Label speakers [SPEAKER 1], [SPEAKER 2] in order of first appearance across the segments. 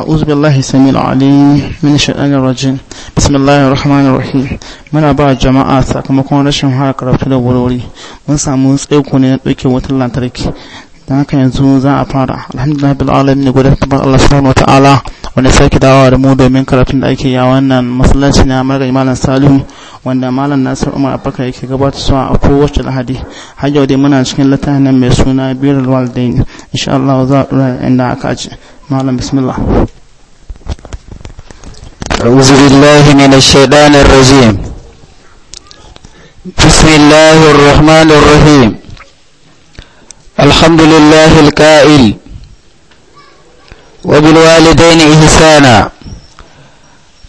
[SPEAKER 1] أعوذ بالله السميع العليم من الشيطان الرجيم بسم الله الرحمن muna ba jama'a sakamakon rashin hara karatu da wurwuri mun samu tsaiko na ɗauke wutar lantarki don haka yanzu za a fara alhamdulillah bil alamin guda tabar Allah subhanahu wataala wanda sake dawowa da mu domin karatun da ake yi a wannan masallaci na marga malam salihu wanda malam nasir umar abubakar yake gabata suwa a kowace lahadi har yau dai muna cikin littafin mai suna biyar waldain insha Allah za a dora inda aka aje معلم بسم الله أعوذ بالله من الشيطان الرجيم بسم الله الرحمن الرحيم الحمد لله الكائل وبالوالدين إحسانا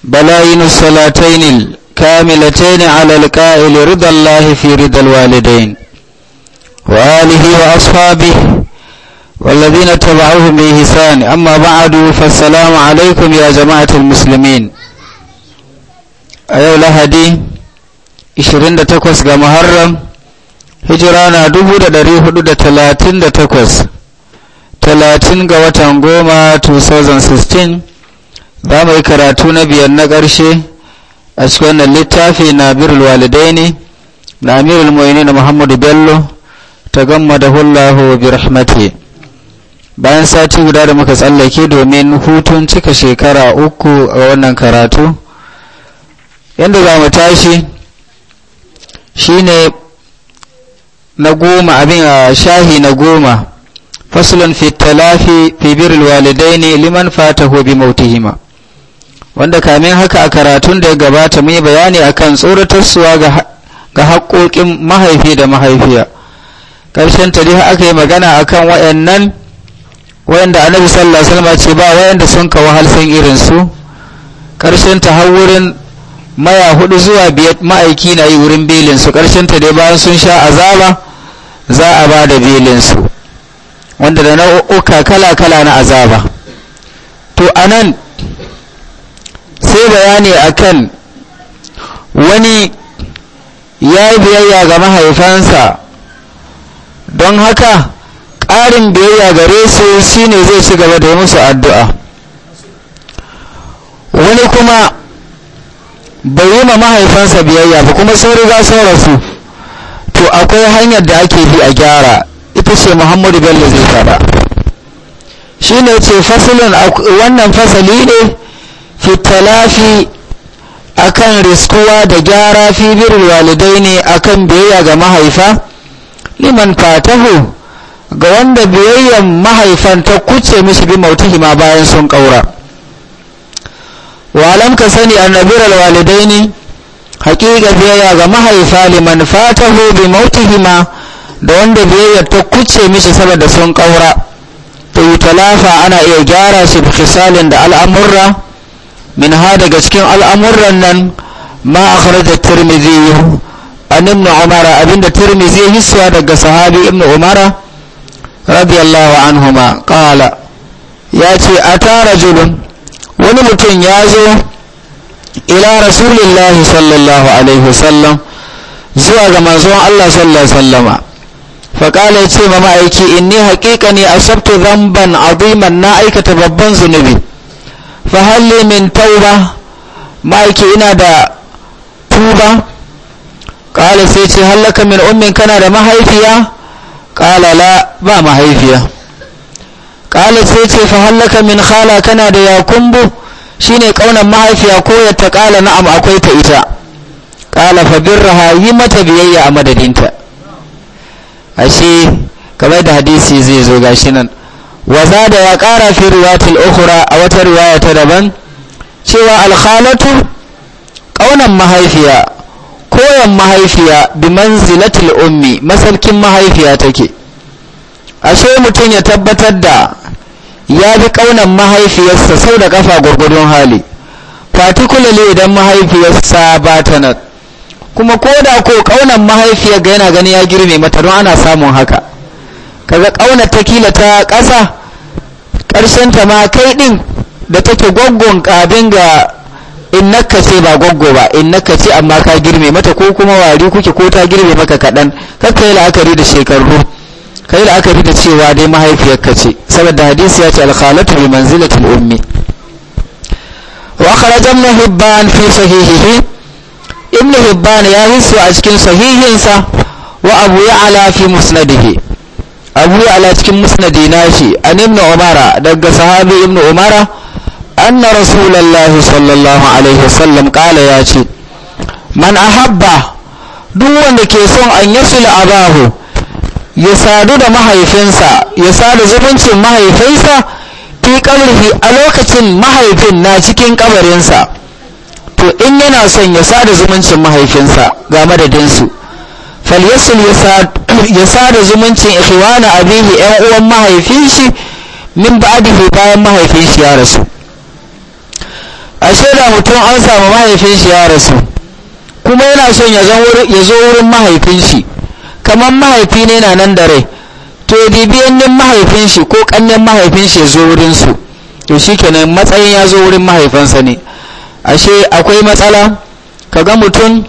[SPEAKER 1] بلاين الصلاتين الكاملتين على الكائل رضا الله في رضا الوالدين وآله وأصحابه والذين تبعوهم بإحسان أما بعد فالسلام عليكم يا جماعة المسلمين أيها لهدي 28 ga Muharram hijira na 1438 30 ga watan goma 2016 za mu yi karatu na biyar na ƙarshe a cikin littafi na birul walidaini na amirul mu'minin Muhammadu Bello ta gamma da hullahu bi rahmatihi bayan sati guda da muka tsallake domin hutun cika shekara uku a wannan karatu yadda za mu tashi shine na goma abin a shahi na goma fasulun fitalafi fibirul walidai ne liman fata hobi mautihima wanda kamin haka a karatun da ya gabata mu yi bayani akan tsoratarsuwa ga haƙoƙin mahaifi da mahaifiya ƙarshen tarihi aka yi magana a akan waɗannan wayanda annabi sallallahu alaihi wasallam ce ba wayanda sun ka wahal san irin su karshen ta har wurin maya hudu zuwa biyar ma'aiki na yi wurin belin su karshen ta dai bayan sun sha azaba za a ba da belin su wanda da nau'uka kala kala na azaba to anan sai bayani akan wani ya yi biyayya ga mahaifansa don haka ƙarin biyayya gare su shine zai ci gaba da musu addu'a wani kuma bai yi ma mahaifansa biyayya ba kuma sun riga sun rasu to akwai hanyar da ake bi a gyara ita ce muhammadu bello zai fada shine ce fasalin wannan fasali ne fitalafi akan riskuwa da gyara fi walidai ne akan biyayya ga mahaifa liman fatahu ga wanda biyayyan mahaifan ta kuce mishi bi ma bayan sun kaura walam ka sani annabir alwalidaini hakika biyayya ga mahaifa liman fatahu bi ma da wanda biyayya ta kuce mishi saboda sun kaura to talafa ana iya gyara shi bi khisalin da al'amurra min ha daga cikin al'amurran nan ma akhraja tirmidhi an ibn umara abinda tirmidhi hiswa daga sahabi ibn umara radiyallahu anhuma qala ya ce a tara julun wani mutum ya zo ila rasulillahi sallallahu alaihi wasallam zuwa ga manzon Allah sallallahu alaihi wasallama faƙala ya ce ma ma'aiki in ni haƙiƙa ne a sabtu zamban aziman na aikata babban zunubi fa halli min tauba ma'aiki ina da tuba ƙala sai ce hallaka min ummin kana da mahaifiya ƙala la ba mahaifiya ƙala sai ce fa hallaka min khala kana da ya kumbu shine ƙaunar mahaifiya ko ya ta ƙala na'am akwai ta ita ƙala fa birraha yi mata biyayya a madadinta ashe kamar da hadisi zai zo gashi nan waza da ya ƙara fi riwatul ukhra a wata riwaya ta daban cewa alkhalatu ƙaunar mahaifiya koyan mahaifiya bi manzilatil ummi masalkin mahaifiya take ashe mutum ya tabbatar da ya bi kaunan mahaifiyarsa sau da kafa gwargwadon hali particularly idan mahaifiyarsa ba ta nan kuma ko da ko kaunan mahaifiyar ga yana gani ya girme mata don ana samun haka kaga kauna ta kila ta ƙasa ƙarshen ta ma kai ɗin da take gwaggon kabin ga in naka ce ba gwaggo ba in na ka ce amma ka girme mata ko kuma wari kuke ko ta girme maka kaɗan kar ka yi la'akari da shekaru ka yi la'akari da cewa dai ka ce saboda hadisi ya ce alkhalatu bi manzilatil ummi wa kharaja ibn hibban fi sahihihi ibn hibban ya hisu a cikin sahihinsa wa abu ya'la fi musnadihi abu ya'la cikin musnadi nashi an ibn umara daga sahabi ibn umara anna rasulallahi sallallahu alaihi wasallam kala ya ce man ahabba duk wanda ke son an yasula abahu ya sadu da mahaifinsa ya sadu zumuncin mahaifinsa fi kabrihi a lokacin mahaifin na cikin kabarinsa to in yana son ya sada zumuncin mahaifinsa ga madadinsu falyasul ya sada zumuncin ikhwana abihi yan uwan mahaifin shi min ba'dihi bayan mahaifin shi ya rasu ashe da mutum an samu mahaifin shi ya rasu kuma yana son ya zo wurin mahaifin shi kamar mahaifi ne na nan da rai to dibiyannin mahaifin shi ko kannin mahaifin shi zo wurin su to shikenan matsayin ya zo wurin mahaifansa ne ashe akwai matsala kaga mutum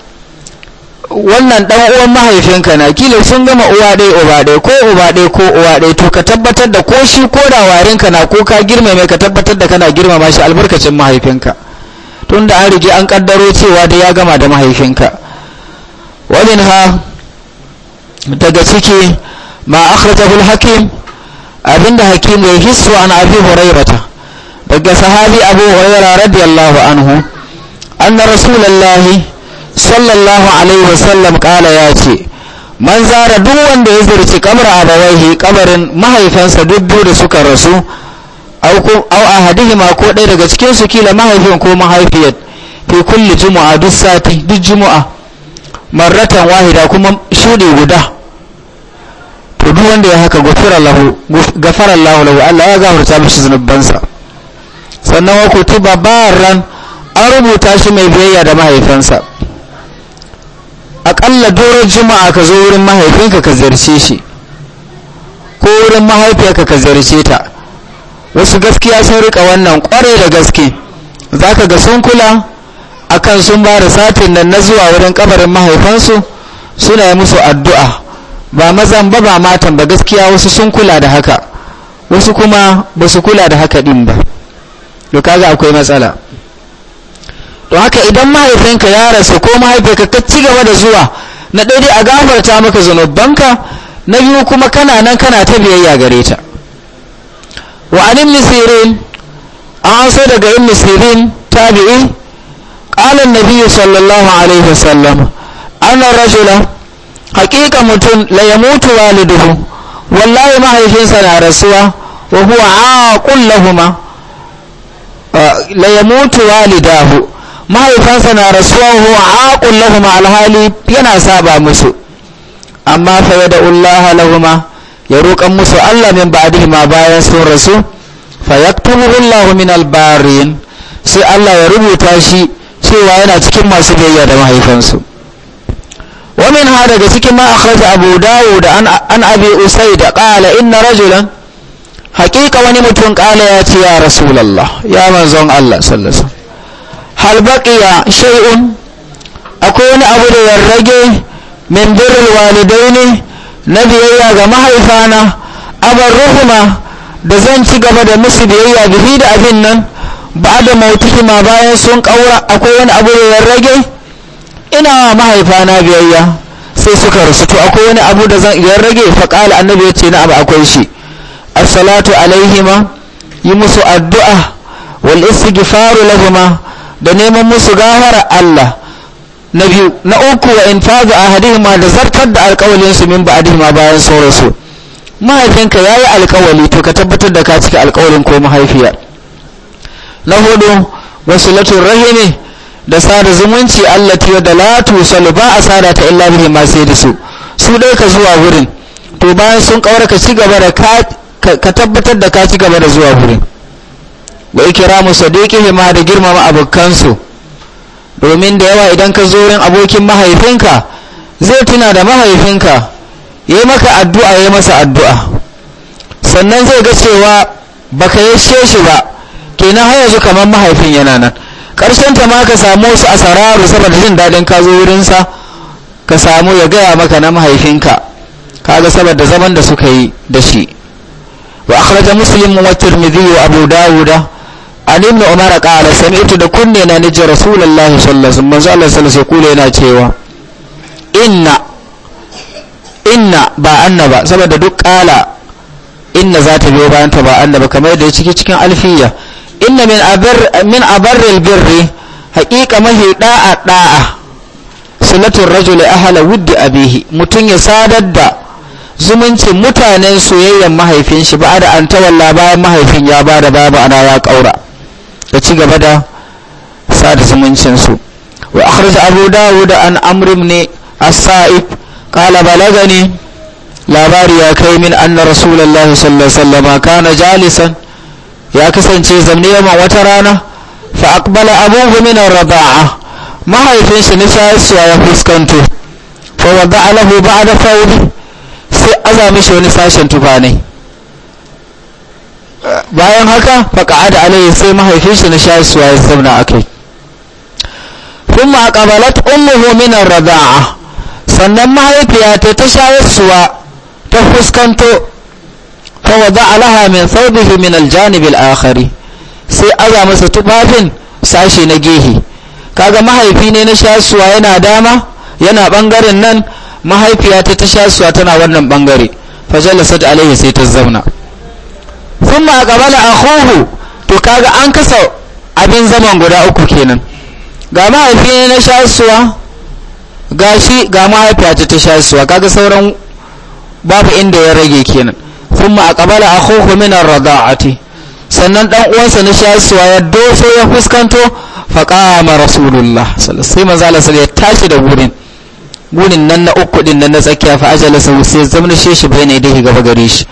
[SPEAKER 1] wannan dan uwan mahaifinka na kila sun gama uwa dai uba dai ko uba dai ko uwa dai to ka tabbatar da ko shi ko da warinka na ko ka girmame ka tabbatar da kana girmama shi albarkacin mahaifinka tun da an rige an kaddaro cewa da ya gama da mahaifinka wadin ha daga ciki ma akhrajahu hakim abinda hakim ya hissu an abi hurairata daga sahabi abu hurairah radiyallahu anhu anna rasulullahi sallallahu alaihi wasallam kala ya ce man zara duk wanda ya zirci kamar abawaihi kamarin mahaifansa duk da suka rasu au ahadihima ko ɗaya daga cikin su kila mahaifin ko mahaifiyar fi kulli juma'a duk sati duk juma'a marratan wahida kuma shuɗe guda to duk wanda ya haka gafara lahu lahu Allah ya gafarta mishi zunubansa sannan wa kutuba barran an rubuta shi mai biyayya da mahaifansa aƙalla doron juma'a ka zo wurin mahaifinka ka ziyarce shi ko wurin mahaifiyarka ka ziyarce ta wasu gaskiya sun rika wannan kware da gaske za ka ga sun kula akan sun ba da satin nan na zuwa wurin kabarin mahaifansu suna yi musu addu'a ba mazan ba ba matan ba gaskiya wasu sun kula da haka wasu kuma ba su kula da haka din ba to kaga akwai matsala don haka idan mahaifinka ya rasu ko mahaifinka ka ci gaba da zuwa na daidai a gafarta maka zanubanka na biyu kuma kana nan kana ta biyayya gare ta wa an an so daga ibn sirin tabi'i qala an-nabiy sallallahu alaihi wasallam anna rajula haqiqa mutum la yamutu waliduhu wallahi mahaifinsa na rasuwa wa huwa aqul lahuma la yamutu walidahu mahaifansa na rasuwa wa huwa aqul alhali yana saba musu amma fa da Allah ya roƙan musu Allah min ba'dihi ma bayan sun rasu fa yaktubuhu Allahu min albarin sai Allah ya rubuta shi cewa yana cikin masu biyayya da mahaifansu wa min ha cikin ma akhraja Abu Dawud an Abi da qala inna rajulan haƙiƙa wani mutum qala ya ce ya Rasulullah ya manzon Allah sallallahu alaihi wasallam akwai wani abu da ya rage min walidai ne. na biyayya ga mahaifana abar ruhuma da zan ci gaba da musu biyayya bihi da abin nan ba da mautuki ma bayan sun ƙaura akwai wani abu da ya rage ina wa mahaifana biyayya sai suka rasu to akwai wani abu da zan ya rage faƙala annabi ya ce na abu akwai shi as-salatu alaihima yi musu addu'a wal istighfaru lahuma da neman musu gafara Allah na biyu na uku wa in fazu hadihima da zartar da alƙawalin su min ba'dihima bayan sun rasu mahaifinka yi alƙawali to ka tabbatar da ka cika alƙawalin ko mahaifiya na hudu wasu latin rahimi da sada zumunci allati wa dalatu salu ba a sada ta illa bihi ma sai da su su dai ka zuwa wurin to bayan sun kawar ka ci gaba da ka tabbatar da ka ci gaba da zuwa wurin wa ikramu ma da girmama abokansu domin da yawa idan ka zo wurin abokin mahaifinka zai tuna da mahaifinka yi maka addu'a yi masa addu'a sannan zai ga cewa baka yashe shi ba kenan har yanzu kamar mahaifin yana nan ƙarshen ta ma ka samu wasu a sararu saboda jin daɗin ka zo wurinsa ka samu ya gaya maka na mahaifinka kaga saboda zaman da suka yi da shi wa akhraja muslim wa tirmidhi wa abu dawuda an ibn umar qala sami'tu da kunne na naji rasulullahi sallallahu alaihi wasallam kula yana cewa inna inna ba anna ba saboda duk qala inna za ta biyo bayan ta ba anna ba kamar da ciki cikin alfiya inna min abar min abarril birri haqiqa mahi da'a da'a sunnatul rajuli ahla wuddi abihi mutun ya sadar da zumuncin mutanen soyayyen mahaifin shi ba da an tawalla bayan mahaifin ya ba da babu ana ya kaura da ci gaba da sada zumuncinsu wa akhraj abu dawud an amr ibn as-sa'ib qala balagani labari ya kai min anna rasulullahi sallallahu alaihi wasallam kana jalisan ya kasance zamne yaman wata rana fa aqbala abuhu min ar-raba'a mahaifin shi nisa ya fuskanto fa wada'a lahu ba'da fawdi sai aza shi wani sashen tufanai bayan haka faqa'ada alayhi sai mahaifinsa na sha suwa ya zauna a kuma a ummuhu min ar rada'a sannan mahaifiya ta ta shayar suwa ta fuskanto fa wada'a laha min thawbihi min al-janib al akhari sai aza masa tubafin sashi na gehe kaga mahaifi ne na shasuwa yana dama yana bangaren nan mahaifiya ta ta shasuwa tana wannan bangare fa jalasat alayhi sai ta zauna sun ma gabala a to kaga an kasa abin zaman guda uku kenan ga mahaifi na shasuwa ga shi ga mahaifiya ta shasuwa kaga sauran babu inda ya rage kenan sun ma gabala a huhu minar rada'ati sannan dan uwansa na shasuwa ya doso ya fuskanto faƙama rasulullah sai manzala sai ya tashi da wurin gunin nan na uku din nan na tsakiya fa ajalasa sai zama shi shi bai ne dai gaba gare shi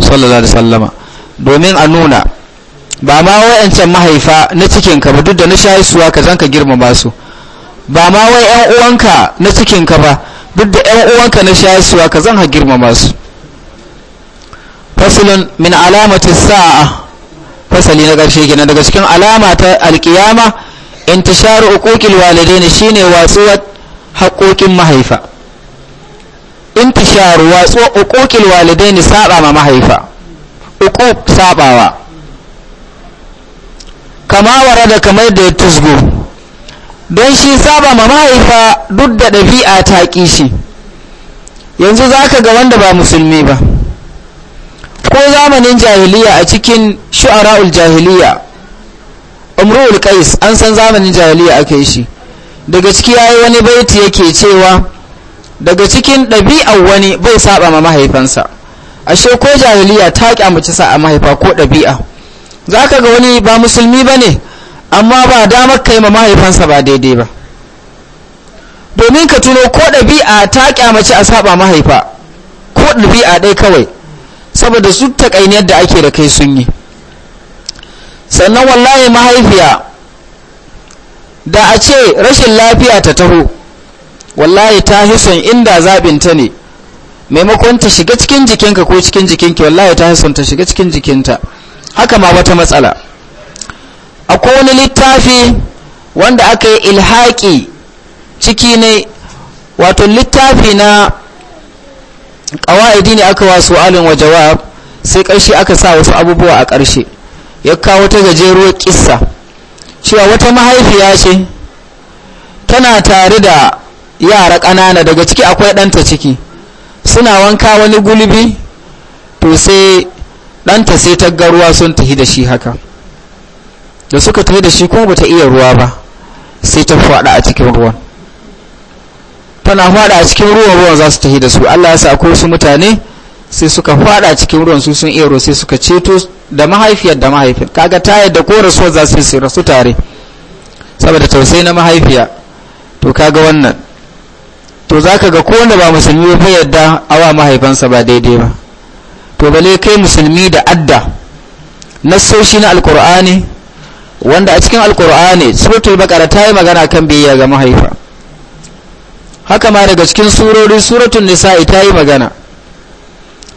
[SPEAKER 1] sallallahu alaihi wasallama domin a nuna ba ma wa'yancan mahaifa na cikinka ba duk da na shayisuwa ka zan ka girmama su ba ma wai 'yan uwanka na cikinka ba duk da 'yan uwanka na shayisuwa ka zan ka girmama su fasilin min alamati sa'a fasali na ƙarshe gina daga cikin alama ta alƙiyama intisharu uquqil walidaini shine watsuwar haƙoƙin mahaifa intisharu watsuwar uquqil ne saba ma mahaifa uku sabawa kama wara da kamar da ya tusgo don shi saba ma mahaifa duk da ɗabi'a ta ƙi shi yanzu za ka ga wanda ba musulmi ba ko zamanin jahiliya a cikin shu'ara'ul jahiliya umru'ul qais an san zamanin jahiliya aka yi shi daga ciki yayi wani baiti yake cewa daga cikin ɗabi'ar wani bai saba ma mahaifansa ashe ko jahiliya ta kyamaci sa a mahaifa ko ɗabi'a za ka ga wani ba musulmi ba ne amma ba damar kai ma mahaifansa ba daidai ba domin ka tuno ko ɗabi'a ta kyamaci a saba mahaifa ko ɗabi'a ɗai kawai saboda su ta taƙainiyar da ake da kai sun yi sannan wallahi mahaifiya da a ce rashin lafiya ta taho wallahi ta hison inda zaɓinta ne maimakon ta shiga cikin jikinka ko cikin jikinki wallahi ta hasanta shiga cikin jikinta haka ma wata matsala akwai wani littafi wanda aka yi ilhaƙi ciki ne wato littafi na ƙawa'idi ne aka wasu alin wa jawab sai ƙarshe aka sa wasu abubuwa a karshe ya kawo ta gajeruwar kisa cewa wata mahaifiya ce tana tare da yara ƙanana daga ciki akwai ɗanta ciki suna wanka wani gulbi to sai ɗanta sai ta ga ruwa sun tafi da shi haka da suka tafi da shi kuma bata iya ruwa ba sai ta faɗa a cikin ruwan tana faɗa a cikin ruwan ruwan za su tafi da su Allah ya sa akwai wasu mutane sai suka faɗa cikin ruwan su sun iya ruwa sai suka ceto da mahaifiyar da mahaifin kaga ta yadda ko rasuwar za su yi su rasu tare saboda tausayi na mahaifiya to kaga wannan to za ka ga ko wanda ba musulmi ba yadda awa mahaifansa ba daidai ba to bale kai musulmi da adda nassoshi na alkur'ani wanda a cikin alkur'ani suratul baqara ta yi magana kan biyayya ga mahaifa haka ma daga cikin surori suratul nisa'i ta yi magana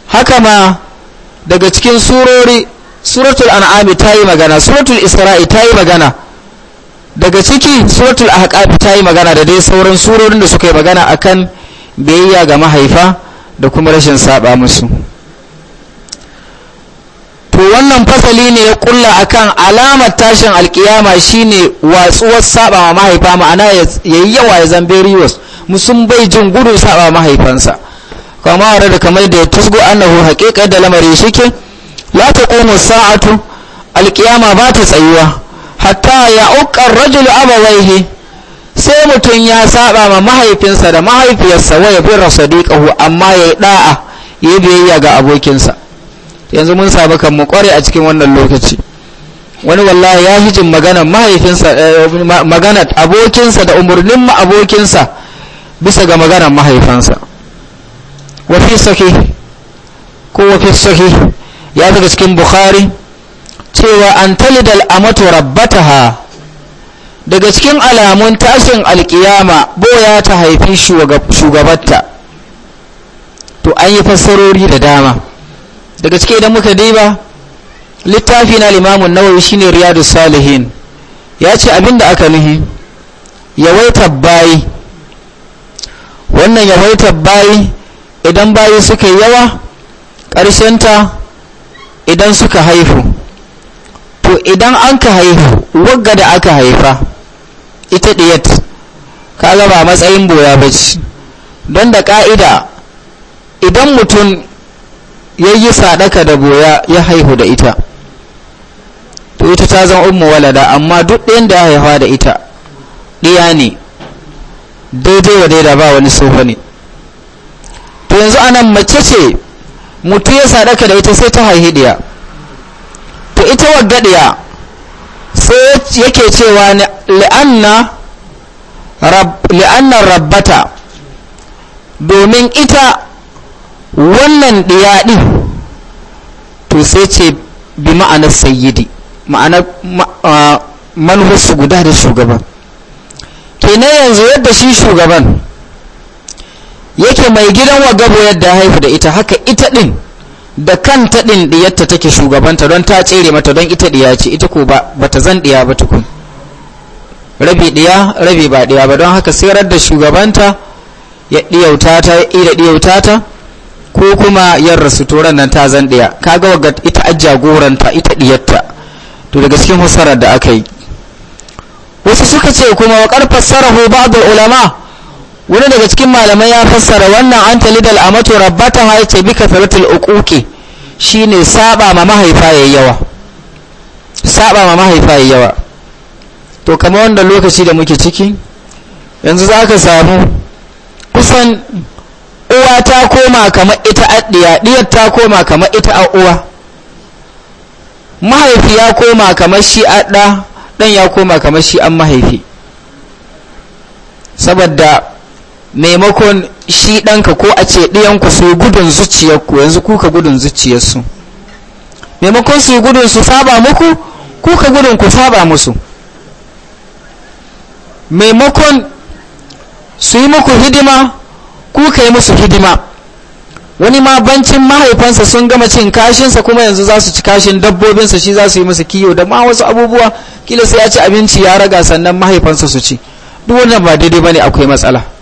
[SPEAKER 1] haka ma daga cikin surori suratul an'ami ta yi magana suratul isra'i ta yi magana daga ciki suratul ahqaf ta yi magana da dai sauran surorin da suka yi magana akan biyayya ga mahaifa da kuma rashin saba musu to wannan fasali ne ya kulla akan alamar tashin alkiyama shine watsuwar saba wa mahaifa ma'ana yayi yawa ya zambe riwas musun bai jin gudu saba mahaifansa kama wa da kamar da ya tusgo annahu hakikar da lamari shike la taqumu sa'atu alkiyama ba ta tsayuwa hatta ya uƙar rajulu abawaihi sai mutum ya saba ma mahaifinsa da mahaifiyarsa waya ya birra amma yayi yi da'a ya yi biyayya ga abokinsa yanzu mun samu kan mu kware a cikin wannan lokaci wani wallahi ya hijin magana mahaifinsa eh, magana abokinsa da umurnin ma abokinsa bisa ga maganar mahaifansa wa sahih ko fi sahih ya daga cikin bukhari cewa an talidal amatu rabbataha daga cikin alamun tashin alkiyama boya ta haifi shugabatta to an yi fassarori da dama daga cike idan muka diba littafi na limamun nawawi shine riyadu salihin ya ce abinda aka nuhi yawaitar bayi wannan yawaitar bayi idan bayi suka yawa ƙarshenta idan suka haifu to idan an ka haihu wagga da aka haifa ita diyat kaga ba matsayin boya ba ce don da ka'ida idan mutum ya yi sadaka da boya ya haihu da ita to ita ta zan ummu walada amma duk ɗayan da ya haihuwa da ita ɗiya ne daidai wa daida ba wani sofa ne to yanzu anan mace ce mutu ya sadaka da ita sai ta haihu ɗiya to ita gaɗiya sai yake cewa li'anna rabbata domin ita wannan diyaɗi to sai ce bi ma'anar sayyidi ma'anar manhusu guda da shugaban kenan yanzu yadda shi shugaban yake mai gidan wagabo yadda haifu da ita haka ita ɗin da kanta ɗin ɗiyarta take shugabanta don ta tsere mata don ita ɗiya ce ita ko ba ta zan ɗiya ba tukun rabi ɗiya rabi ba ɗiya ba don haka sirar da shugabanta ya ɗiyauta ta ya ɗiyauta ta ko kuma yan rasu turan nan ta zan ɗiya kaga waga ita ajja goranta ita ɗiyarta to daga cikin husarar da aka yi wasu suka ce kuma wa ƙarfar sarahu da ulama wani daga cikin malamai ya fassara wannan an talidal amatu rabbata ha yace bika faratul uquqi shine saba ma mahaifa yayi yawa saba ma mahaifa yayi yawa to kamar wanda lokaci da muke ciki yanzu za ka samu kusan uwa ta koma kamar ita addiya diyar ta koma kamar ita a uwa mahaifi ya koma kamar shi adda dan ya koma kamar shi an mahaifi saboda maimakon shi ɗanka ko a ce ɗiyanku su gudun zuciyarku yanzu kuka gudun zuciyarsu maimakon su gudun su saba muku kuka gudun ku saba musu maimakon su yi muku hidima kuka yi musu hidima wani ma bancin mahaifansa sun gama cin kashinsa kuma yanzu za su ci kashin dabbobinsa shi za su yi musu kiyo da ma wasu abubuwa kila sai ya ci abinci ya raga sannan mahaifansa su ci duk wannan ba daidai ba ne akwai matsala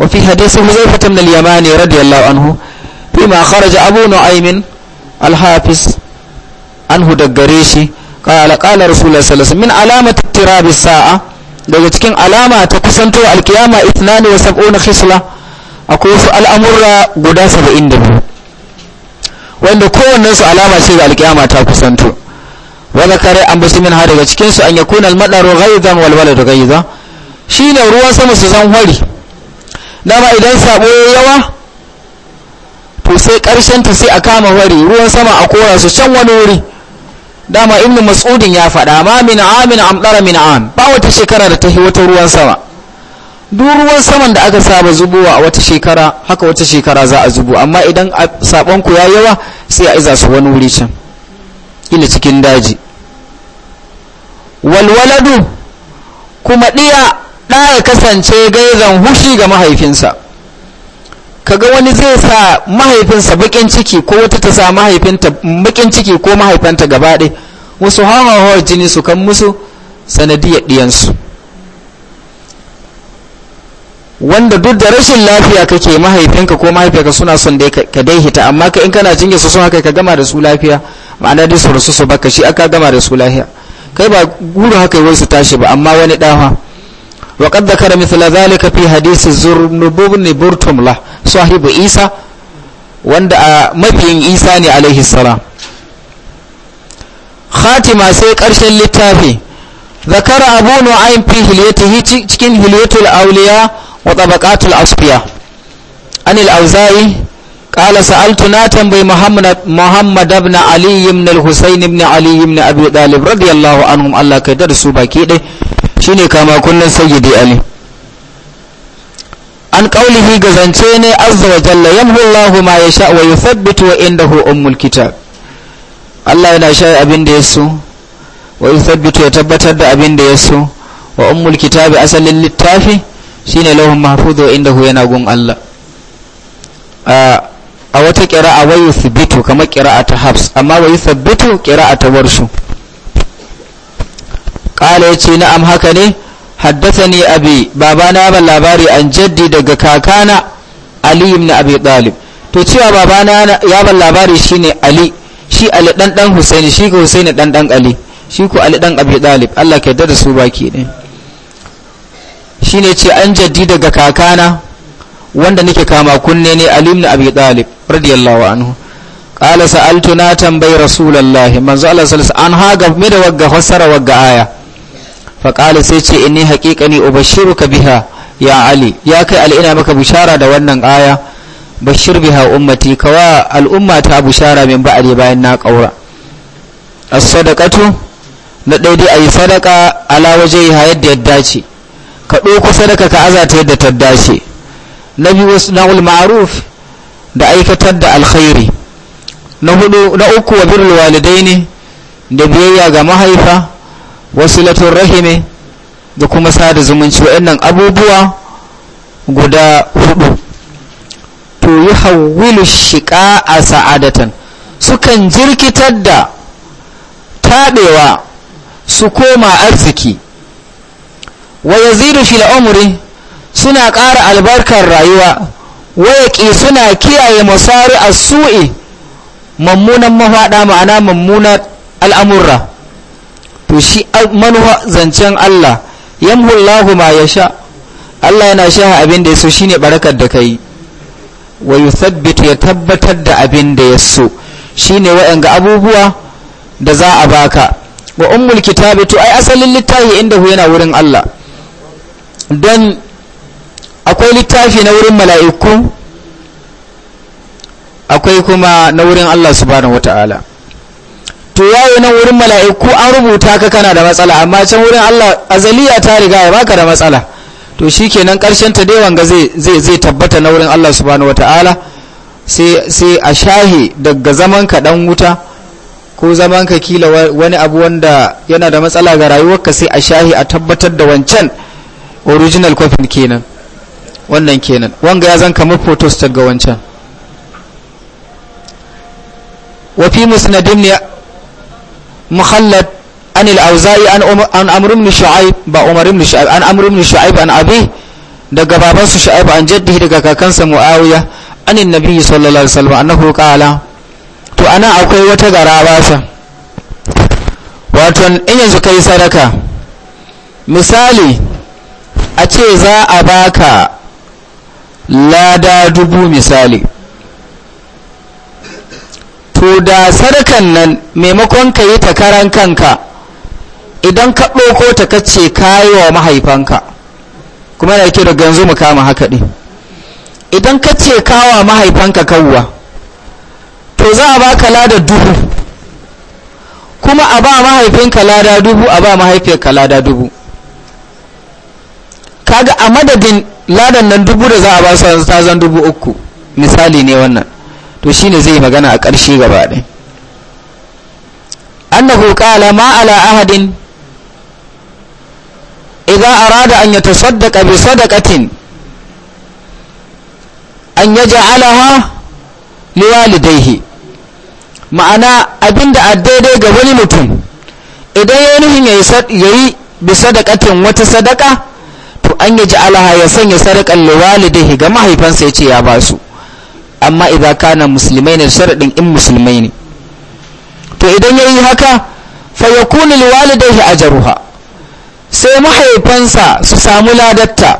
[SPEAKER 1] وفي حديث حذيفة بن اليماني رضي الله عنه فيما خرج أبو نعيم الحافظ عنه دقريشي قال قال رسول الله صلى الله daga cikin alama ta kusanto alkiyama itnani wa sab'una khisla akwai wasu al'amurra guda 72 wanda kowannen su alama ce ga alkiyama ta kusanto wa zakara an basu min ha daga cikin su an yakuna al-madaru ghaidan wal waladu ghaidan shine ruwan sama su zan hori dama idan sabo yawa to sai ta sai a kama wari ruwan sama a kora su can wani wuri dama ibn mas'udin ya faɗa ma min amin amdara min an ba wata shekara da ta yi wata ruwan sama duk ruwan saman da aka saba zubowa a wata shekara haka wata shekara za a zubo amma idan sabon ku ya yawa sai a iza su wani wuri can ila cikin daji walwaladu kuma ɗiya ɗa ya kasance gaizan hushi ga mahaifinsa kaga wani zai sa mahaifinsa bakin ciki ko wata ta sa mahaifinta bakin ciki ko mahaifanta gaba wasu wasu hawar jini su kan musu sanadiyar ɗiyansu wanda duk da rashin lafiya kake mahaifinka ko mahaifinka suna son dai ka dai hita amma ka in kana jinge su sun haka ka gama da su lafiya ma'ana dai su rasu su baka shi aka gama da su lafiya kai ba guru haka wai su tashi ba amma wani dawa وقد ذكر مثل ذلك في حديث زرنب بن برتملة صاحب عيسى وند مفين عيسى عليه السلام خاتمة سي قرشن للتافي ذكر أبو نعيم في هليته تكين هلية الأولياء وطبقات الأصفياء عن الأوزائي قال سألت ناتم بمحمد محمد بن علي بن الحسين بن علي بن أبي طالب رضي الله عنهم الله كدر سباكي shine kama kunnan sayyidi ali an qaulihi gazance ne azza wa jalla yamhu Allahu ma yasha wa yuthabbitu wa indahu ummul kitab Allah yana shaye abin da yaso wa yuthabbitu ya tabbatar da abin da yaso wa ummul kitab asalin littafi shine lahum mahfuz wa indahu yana gun Allah a wata qira'a wa yuthbitu kama qira'a ta habs amma wa yuthabbitu qira'a ta warshu ƙala ya ce na'am haka ne haddathani abi babana ban labari an jaddi daga kakana ali ibn abi talib to cewa babana ya ban labari shine ali shi ali dan dan husaini shi ko husaini dan dan ali shi ko ali dan abi talib Allah ka yarda da su baki ne shine ce an jaddi daga kakana wanda nake kama kunne ne ali ibn abi talib radiyallahu anhu qala sa'altu na tambayi rasulullahi manzo Allah sallallahu alaihi wasallam an haga me da wagga fassara wagga aya faƙala sai ce in ni haƙiƙani ka biha ya ali ya kai ali ina maka bishara da wannan aya bashir biha ummati kawa al'umma ta bishara min ba'ari bayan na ƙaura as-sadaqatu na daidai ayi sadaka ala wajhiha yadda ya dace ka ɗauko sadaka ka azata yadda ta dace na biyu ma'ruf da aikatar da alkhairi na hudu na uku wa walidai walidaini da biyayya ga mahaifa wasilatun rahimi da kuma sada zumunci waɗannan abubuwa guda hudu to yi hawilu shiƙa a sa'adatan sukan jirkitar da taɗewa su koma arziki waya zidu fil umri suna ƙara albarkar rayuwa waya suna kiyaye masari a su'i mammunan mafaɗa ma'ana mammunan al'amurra to shi manuwa zancen Allah yamhullahu ma yasha Allah yana sha abin da ya so shine barakar da kai wa yuthabbitu ya tabbatar da abin da ya so shine wa'anga abubuwa da za a baka wa ummul kitabi to ai asalin littafi inda hu yana wurin Allah don akwai littafi na wurin mala'iku akwai kuma na wurin Allah subhanahu wata'ala to yayi nan wurin mala'iku an rubuta ka kana da matsala amma can wurin Allah azaliya ta riga ya baka da matsala to shikenan karshen ta dai wanga zai zai zai tabbata na wurin Allah subhanahu wataala sai sai a shahi daga zaman ka dan wuta ko zaman ka kila wani abu wanda yana da matsala ga rayuwarka sai a shahi a tabbatar da wancan original copy kenan wannan kenan wanga ya zan kamar photos ga wancan wa fi musnadin مخلد عن الأوزائي عن أمر بن شعيب با أمر babansu sha'ib an jaddihi kakansa muawiya anin nabi sallallahu alaihi wasallam annahu qala to ana akwai wata garabasa wato in yanzu kai sadaka misali a ce za a baka lada dubu misali to da sarkan nan maimakon ka yi takaran kanka idan ka ɗauko ta kace yi wa mahaifanka kuma da yake da ganzu mu kama haka ɗin idan ka ce wa mahaifanka kawuwa to za a baka lada dubu kuma a ba mahaifinka lada dubu a ba mahaifinka lada dubu kaga a madadin ladan nan dubu da za a ba su zan dubu uku misali ne wannan to shine zai magana a ƙarshe gaba ɗaya annahu ƙala ma ala ahadin idza arada an yatasaddaqa bi sadaqatin an yaj'alaha walidayhi ma'ana abinda a daidai ga wani mutum idan ya nufi ya yi bi sadaqatin wata sadaka to an yi ya sanya sadakan walidayhi ga mahaifansa ya ce ya basu. amma idza kana musulmai ne sharadin in musulmai ne to idan yayi haka fa yakunu liwalidayhi ajruha sai mahaifansa su samu ladatta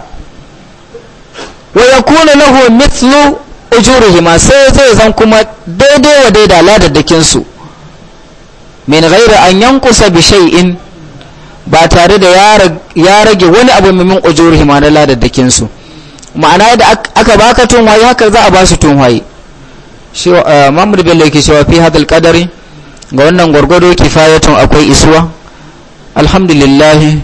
[SPEAKER 1] wa yakunu lahu mithlu ujurihima sai zai zan kuma daidai wa daida ladaddakin su min ghairi an yankusa bi shay'in ba tare da ya rage wani abu min ujurihima na ladaddakin su ma'ana yadda aka baka tunwaye haka za a ba su tunwaye eh, mamud bello yake shi wafi hadal kadari ga wannan gwargwado kifayatun akwai isuwa alhamdulillahi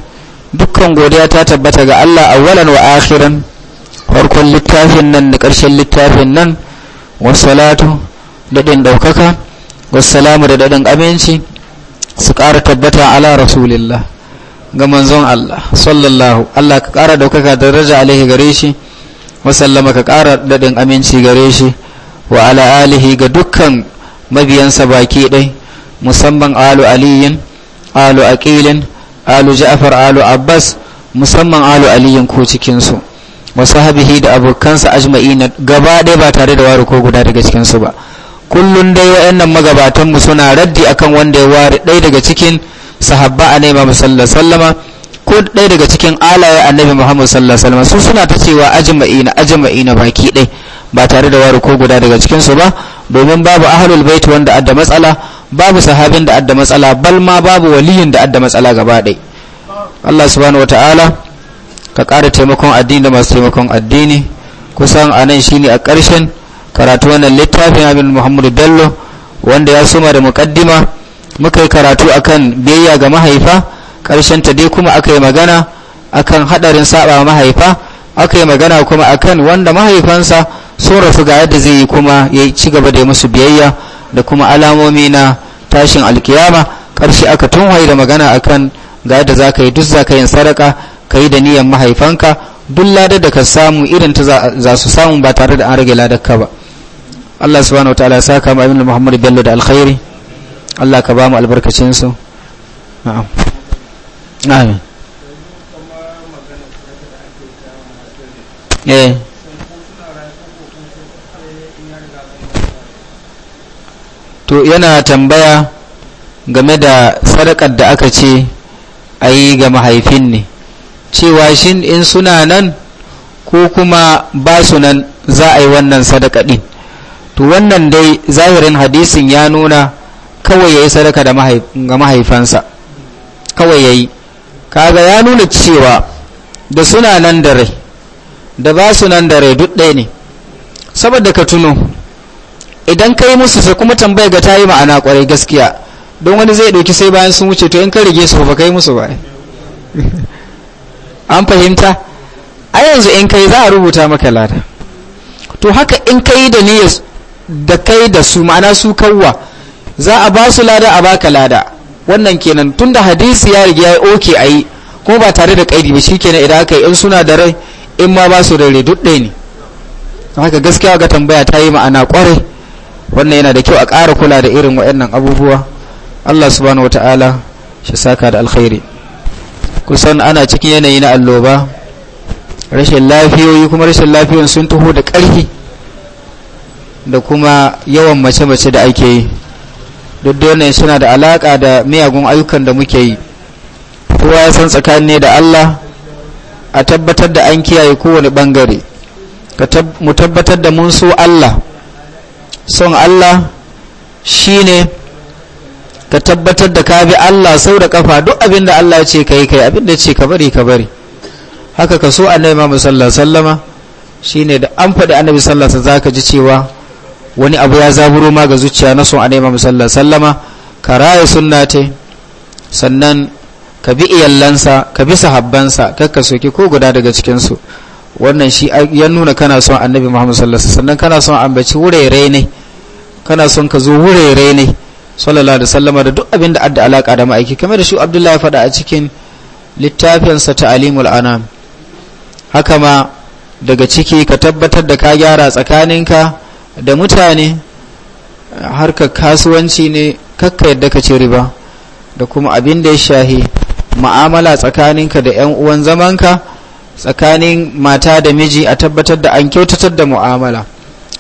[SPEAKER 1] dukkan godiya ta tabbata ga Allah awwalan wa akhiran farkon littafin nan da ƙarshen littafin nan wasalatu daɗin ɗaukaka wasalamu da daɗin aminci su ƙara tabbata ala rasulillah ga manzon Allah sallallahu Allah ka ƙara ɗaukaka daraja alaihi gare shi wasallama ka ƙara daɗin aminci gare shi wa ala alihi ga dukkan mabiyansa baki ɗai musamman alu aliyin alu aqilin alu ja'far alu abbas musamman alu aliyin ko cikinsu wa sahabihi da abokansa ajma'i na gaba ɗaya ba tare da ware ko guda daga cikinsu ba kullum dai magabatan mu suna raddi akan wanda ya ware ɗaya daga cikin sahabba a nema sallama ko ɗaya daga cikin alaye annabi muhammad sallallahu alaihi wasallam su suna ta cewa ajma'ina ajma'ina baki ɗai ba tare da waru ko guda daga cikin su ba domin babu ahlul bait wanda adda matsala babu sahabin da adda matsala bal babu waliyin da adda matsala gaba ɗai Allah subhanahu wataala ka ƙara taimakon addini da masu taimakon addini kusan nan shine a ƙarshen karatu wannan littafin abin muhammad bello wanda ya suma da muƙaddima muka yi karatu akan biyayya ga mahaifa karshen ta dai kuma aka yi magana akan hadarin saba mahaifa aka yi magana kuma akan wanda mahaifansa sun rasu ga yadda zai yi kuma ya ci gaba da musu biyayya da kuma alamomi na tashin alkiyama ƙarshe aka tunwaye da magana akan ga yadda za ka yi duk za ka yin sadaka ka yi da niyan mahaifanka duk ladar da ka samu irin ta za su samu ba tare da an rage ladarka ba Allah subhanahu wataala ya saka mu Aminu Muhammad Bello da alkhairi Allah ka ba mu albarkacin su na'am amin eh. to yana tambaya game da sadakar da aka ce a yi ga mahaifin ne cewa shin in suna nan ko kuma ba su nan za a yi wannan din to wannan dai zahirin hadisin ya nuna kawai ya yi sadaka ga mahaifansa kawai ya yi kaga ya nuna cewa da suna nan da rai da ba su nan da rai duk ɗaya ne saboda ka tuno idan ka yi musu sai kuma tambaya ga ta yi ma'ana kwarai gaskiya don wani zai ɗauki sai bayan sun wuce to in ka rige su ba ka yi musu ba an fahimta a yanzu in kai za a rubuta maka lada to haka in kai da niyyar da kai da su ma'ana su kawwa za a ba su lada a baka lada wannan kenan tunda hadisi ya riga ya oke a yi ko ba tare da kaidi ba shi shikenan idan aka yi in suna da rai in ma ba su da rai duk ɗaya ne haka gaskiya ga tambaya ta yi ma'ana kwarai wannan yana da kyau a ƙara kula da irin waɗannan abubuwa Allah subhanahu wata'ala shi saka da alkhairi kusan ana cikin yanayi na alloba rashin lafiyoyi kuma rashin lafiyoyin sun taho da ƙarfi da kuma yawan mace-mace da ake yi duk da suna da alaƙa da miyagun ayyukan da muke yi kowa ya san tsakani da Allah a tabbatar da an kiyaye kowane ɓangare mu tabbatar da mun so Allah son Allah shi ne ka tabbatar da ka bi Allah sau da kafa duk abin da Allah ce ka yi kai abin da ce ka bari ka bari haka ka so annabi Muhammad sallallahu alaihi wasallama shine da an faɗi annabi sallar sa za ka ji cewa wani abu ya zaburo ma ga zuciya na son a nema musallar sallama ka raya suna te sannan ka bi iyallansa ka bi sahabbansa kakka soke ko guda daga cikinsu wannan shi ya nuna kana son annabi muhammad sallallahu alaihi sannan kana son ambaci wurare ne kana son ka zo wurare ne sallallahu alaihi sallama da duk abin da adda alaka da ma'aiki kamar da shi abdullahi ya faɗa a cikin littafinsa ta alimul anam haka ma daga ciki ka tabbatar da ka gyara tsakaninka da mutane harka kasuwanci ne kakka yadda ka ci riba da kuma abin da ya shahi ma'amala tsakaninka da 'yan uwan zamanka tsakanin mata da miji a tabbatar da an kyautatar da mu'amala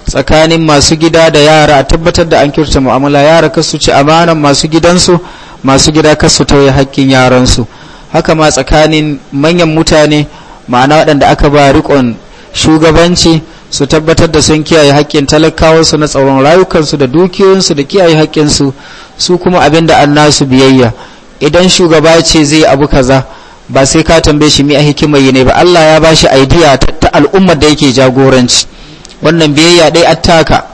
[SPEAKER 1] tsakanin masu gida da yara a tabbatar da an kyautata mu'amala yara kasu ci amanan masu gidansu masu gida kasu tauye hakkin yaransu haka ma tsakanin manyan mutane ma'ana waɗanda aka ba riƙon shugabanci su tabbatar da sun kiyaye haƙƙin talakawarsu na tsaron rayukansu da dukiyoyinsu da kiyaye haƙƙinsu su kuma abin da an nasu biyayya idan shugaba ce zai abu kaza ba sai ka tambaye shi mi a hikimar yi ne ba Allah ya ba shi aidiya ta al'ummar da yake jagoranci wannan biyayya dai attaka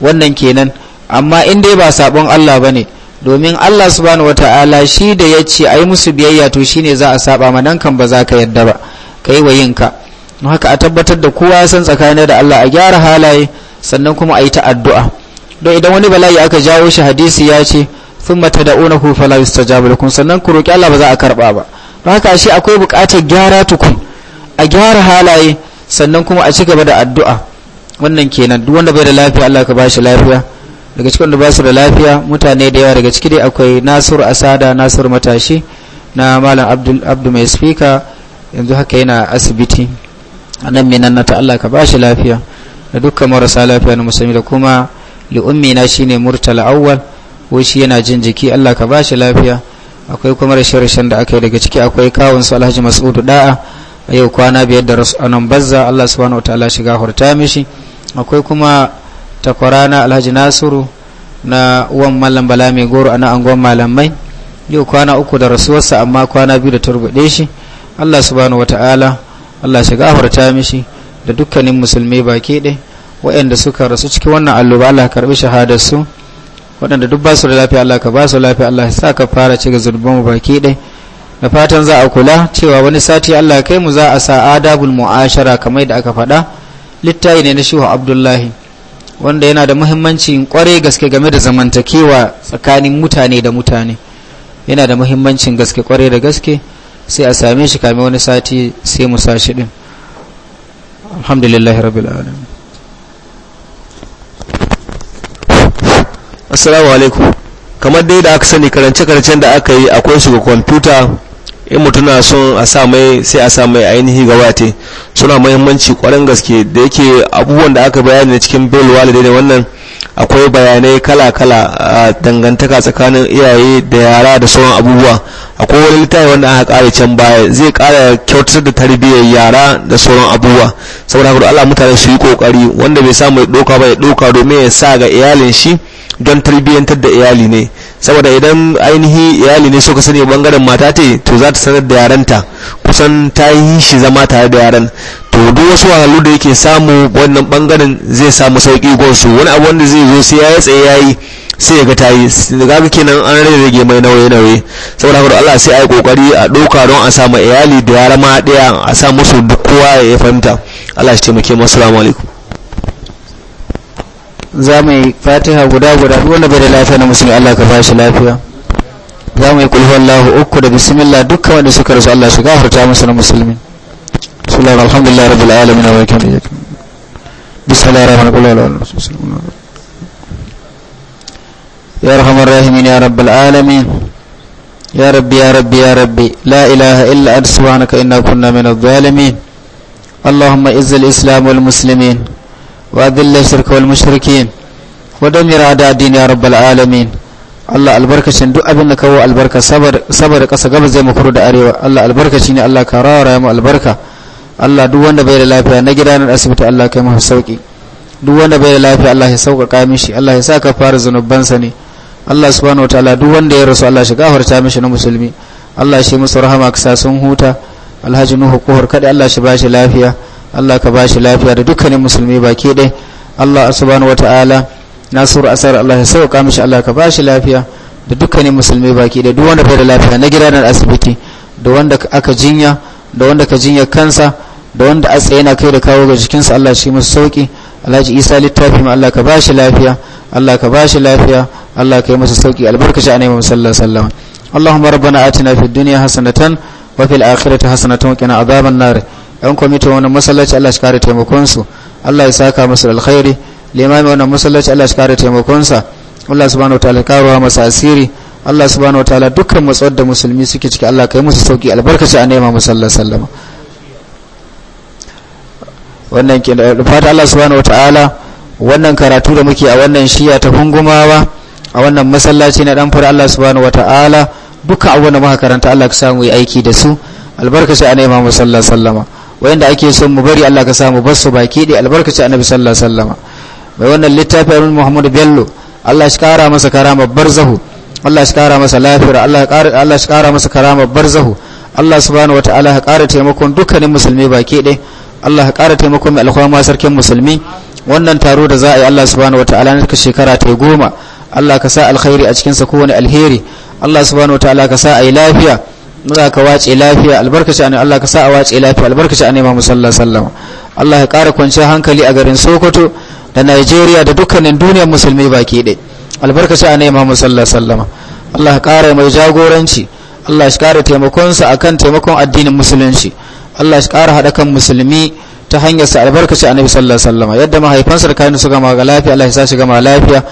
[SPEAKER 1] wannan kenan amma in dai ba sabon Allah ba ne domin Allah subhanahu wata'ala shi da ya ce a yi musu biyayya to shi ne za a saba ma nan kan ba za ka yadda ba ka yi wa yinka don haka a tabbatar da kowa ya san tsakanin da Allah a gyara halaye sannan kuma a yi ta addu'a don idan wani bala'i aka jawo shi hadisi ya ce sun mata da una ku fala yusta jabalakum sannan ku roƙi Allah ba za a karɓa ba don haka shi akwai buƙatar gyara tukun a gyara halaye sannan kuma a ci gaba da addu'a wannan kenan duk wanda bai da lafiya Allah ka bashi lafiya daga cikin da ba da lafiya mutane da yawa daga ciki dai akwai Nasiru Asada Nasiru matashi na Malam Abdul Abdu mai yanzu haka yana asibiti anan minan ta Allah ka bashi lafiya da dukkan marasa lafiya na musulmi da kuma shi shine murtala awwal ko shi yana jin jiki Allah ka bashi lafiya akwai kuma rashin rashin da aka yi daga ciki akwai kawun su Alhaji Mas'udu da'a a yau kwana biyar da anan bazza Allah subhanahu wataala shiga hurta mishi akwai kuma takwarana Alhaji Nasiru na uwan mallam Bala mai goro a na angon malamai yau kwana uku da rasuwarsa amma kwana biyu da turbuɗe shi Allah subhanahu wataala Allah shi gafarta mishi da dukkanin musulmi baki ɗaya waɗanda suka rasu cikin wannan alluba Allah karɓi shahadar su waɗanda duk ba su da lafiya Allah ka ba su lafiya Allah sa ka fara ci ga zurbanmu baki ɗaya da fatan za a kula cewa wani sati Allah kai mu za a sa adabul mu'ashara kamar da aka faɗa littafi ne na shuhu Abdullahi wanda yana da muhimmanci kware gaske game da zamantakewa tsakanin mutane da mutane yana da muhimmancin gaske kware da gaske sai a same shi kame wani sati sai mu shi din alhamdulillahi
[SPEAKER 2] rabbil alamin assalamu alaikum kamar dai da aka sani karance-karancen da aka yi akwai su kwamfuta in mutuna na a sa mai sai a sa mai ainihi ga suna muhimmanci kwarin gaske da yake abubuwan da aka bayani cikin belwa da wannan akwai bayanai kala-kala a dangantaka tsakanin iyaye da yara da sauran abubuwa akwai wani littafi wanda aka kare can baya zai kara kyautar da tarbiyyar yara da sauran abubuwa saboda haka Allah mutane su yi kokari wanda bai samu ya doka ba ya doka domin ya sa ga iyalin shi don tarbiyyantar da iyali ne saboda idan ainihi iyali ne suka sani bangaren mata ce to za ta sanar da yaranta kusan ta yi shi zama tare da yaran to duk wasu wahalhalu da yake samu wannan bangaren zai samu sauki gonsu wani abu wanda zai zo sai ya tsaye yayi sai ya ga tayi daga kenan an rage rage mai nauyi nauyi saboda haka Allah sai ayi kokari a doka don a samu iyali da yara ma daya a sa musu duk kowa ya fahimta Allah shi taimake mu assalamu alaikum za mu yi fatiha guda guda duk wanda bai
[SPEAKER 1] da lafiya na musulmi Allah ka ba shi lafiya za mu yi kulhu Allahu uku da bismillah dukkan wanda suka rasu Allah su gafarta musu na musulmi Bismillah, alhamdulillah, rabbil alamin, wa ikan iya. Bismillah, rahman, kulli ala, Ya rahman, rahimin, La ilaha illa ad subhanaka inna kunna min al-zalimin. Wa adhilla wal mushrikin. Wa damir adadin, ya rabbil Allah albarka shin du abin da kawo albarka sabar kasa gaba zai makuru da arewa Allah albarka shine Allah karara ya mu albarka Allah duk wanda bai da lafiya na gida na asibiti Allah kai masa sauki duk wanda bai da lafiya Allah ya sauƙaƙa mishi Allah ya sa ka fara zanubansa ne Allah subhanahu wataala duk wanda ya rasu Allah shi gafarta mishi na musulmi Allah shi musu rahama kasa sun huta Alhaji Nuhu kohar kada Allah shi bashi lafiya Allah ka bashi lafiya da dukkanin musulmi baki ɗaya Allah subhanahu wataala Nasiru Asar Allah ya sauƙa mishi Allah ka bashi lafiya da dukkanin musulmi baki ɗaya duk wanda bai da lafiya na gida na asibiti da wanda aka jinya da wanda ka jinya kansa da wanda a tsaye na kai da kawo ga jikinsa Allah shi masu sauki alhaji isa littafi ma Allah ka ba shi lafiya Allah ka ba shi lafiya Allah ka yi masa sauki albarkaci a neman sallar sallama Allahumma rabbana atina fid dunya hasanatan wa fil akhirati hasanatan wa qina adhaban yan kwamitin wannan masallaci Allah shi kare taimakon su Allah ya saka masa alkhairi limami wannan masallaci Allah shi kare taimakon sa Allah subhanahu wataala karuwa masa asiri Allah subhanahu wataala dukkan matsuwar da musulmi suke ciki Allah ka yi sauki albarkaci a sallama wannan ke da fata Allah subhanahu wataala wannan karatu da muke a wannan shiya ta hungumawa a wannan masallaci na dan fara Allah subhanahu wataala duka abubuwan da muka karanta Allah ka samu yi aiki da su albarkaci a nema mu sallallahu sallama wayanda ake son mu bari Allah ka samu bar su baki da albarkaci annabi sallallahu sallama mai wannan littafin Harun Muhammad Bello Allah shi kara masa karama barzahu Allah shi kara masa lafiya Allah Allah shi kara masa karama barzahu Allah subhanahu wataala ya kara taimakon dukkanin musulmi baki ɗaya Allah ka ƙara taimako mai alkwarma sarkin musulmi wannan taro da za a yi Allah subhanahu wataala na ka shekara ta goma Allah ka sa alkhairi a cikinsa kowane alheri Allah subhanahu wataala ka sa a yi lafiya muna ka wace lafiya albarkaci a Allah ka sa a wace lafiya albarkaci a nema musalla sallama Allah ya ƙara kwanciyar hankali a garin Sokoto da Najeriya da dukkanin duniyar musulmi baki ɗaya albarkaci a nema musalla sallama Allah ya ƙara mai jagoranci Allah ya ƙara taimakonsa akan taimakon addinin musulunci Allah shi ƙara haɗa kan musulmi ta hanyar sa albarkaci annabi sallallahu alaihi wasallam yadda mahaifansa da kayan su gama ga lafiya Allah ya sa shi gama lafiya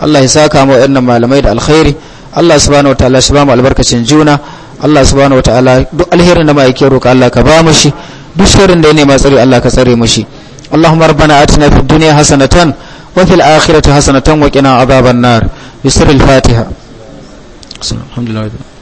[SPEAKER 1] Allah ya saka mu waɗannan malamai da alkhairi Allah subhanahu wataala shi ba mu albarkacin juna Allah subhanahu wataala duk alherin da ma yake roƙa Allah ka ba mu shi duk sharrin da ya nema tsare Allah ka tsare mu shi Allahumma rabbana atina fid dunya hasanatan wa fil akhirati hasanatan wa qina adhaban nar bisiril fatiha alhamdulillah